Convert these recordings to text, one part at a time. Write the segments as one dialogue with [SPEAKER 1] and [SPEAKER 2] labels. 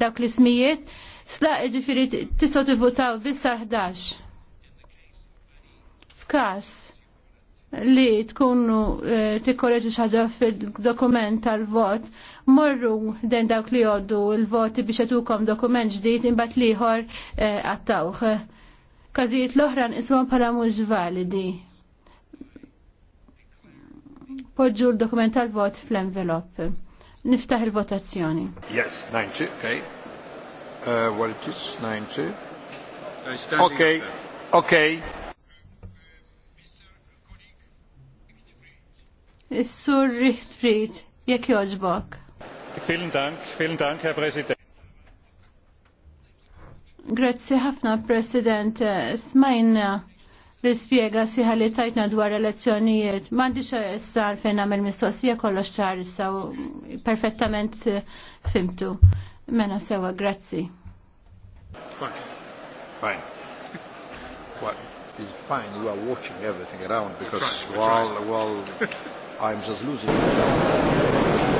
[SPEAKER 1] Dak l-ismijiet, sla ġifiri tistaw tivvotaw bissar 11. F'kas li tkunu eh, tikkorreġu xaġa fil-dokument tal-vot, morru den dawk li għoddu il-voti biex jatukom dokument ġdijt imbat liħor eh, għattawħ. Kazijiet l-oħran isman pala mux validi. Poġġu l-dokument tal-vot fl-envelop. Niftaħ il-votazzjoni. Yes, 90, okay. Uh, what it is, 90. Okay, okay. Is-sur Richtfried, jekk joġbok. Vielen Dank, vielen Dank, Herr Präsident. Grazie ħafna, President. Eh, smajna l spiega siħa li tajtna dwar elezzjonijiet. Mandi xar fejn għamil mistoqsija kollox ċar issa perfettament eh, fimtu. Mena sewa, grazzi. Fine. Fine. What is fine, you are watching everything around because while, while I'm just losing.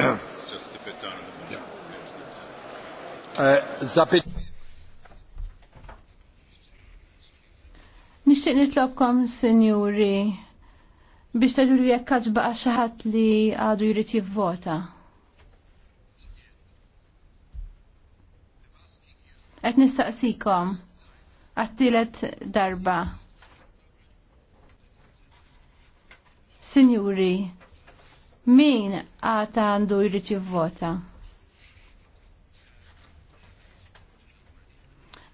[SPEAKER 1] Nixtieq nitlobkom, senjuri, biex tgħidu li jekk kaġbaqa xi ħadd li għadu jrid jivvota. Qed nistaqsikom għattilet darba. Senjuri, min għata għandu jrid jivvota.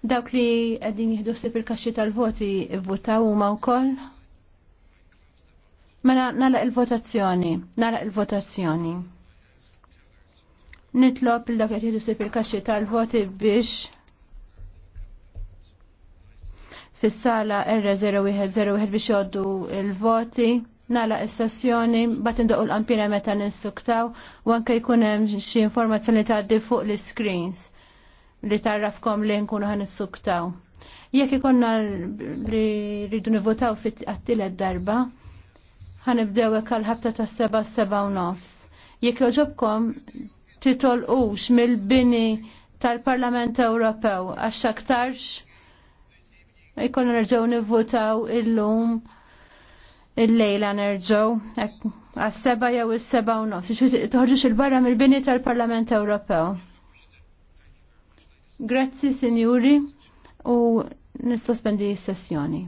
[SPEAKER 1] Dawk li għedin jihdu sib il-kaxxi tal-voti votaw huma wkoll. Mela nalaq il-votazzjoni, nalaq il-votazzjoni. Nitlob il-dak qed jihdu sib il-kaxxi tal-voti biex fis-sala R010 biex jgħoddu il-voti nala s-sessjoni bat indoq l-qampina meta ninsuktaw u anke jkun hemm xi informazzjoni tgħaddi fuq l-screens li tarrafkom li nkunu ħan nissuktaw. Jekk ikonna li rridu nivotaw fit għattilet darba, ħanibdew hekk għal-ħabta tas seba seba u nofs. Jekk joġobkom titolqux mill-bini tal-Parlament Ewropew għax aktarx jkollna nerġgħu nivvotaw illum il-lejla nerġaw għas-seba jew is-seba u nofs, toħġux il-barra mill-bini tal-Parlament Ewropew. Grazzi, Sinjuri, u nistospendi s-sessjoni.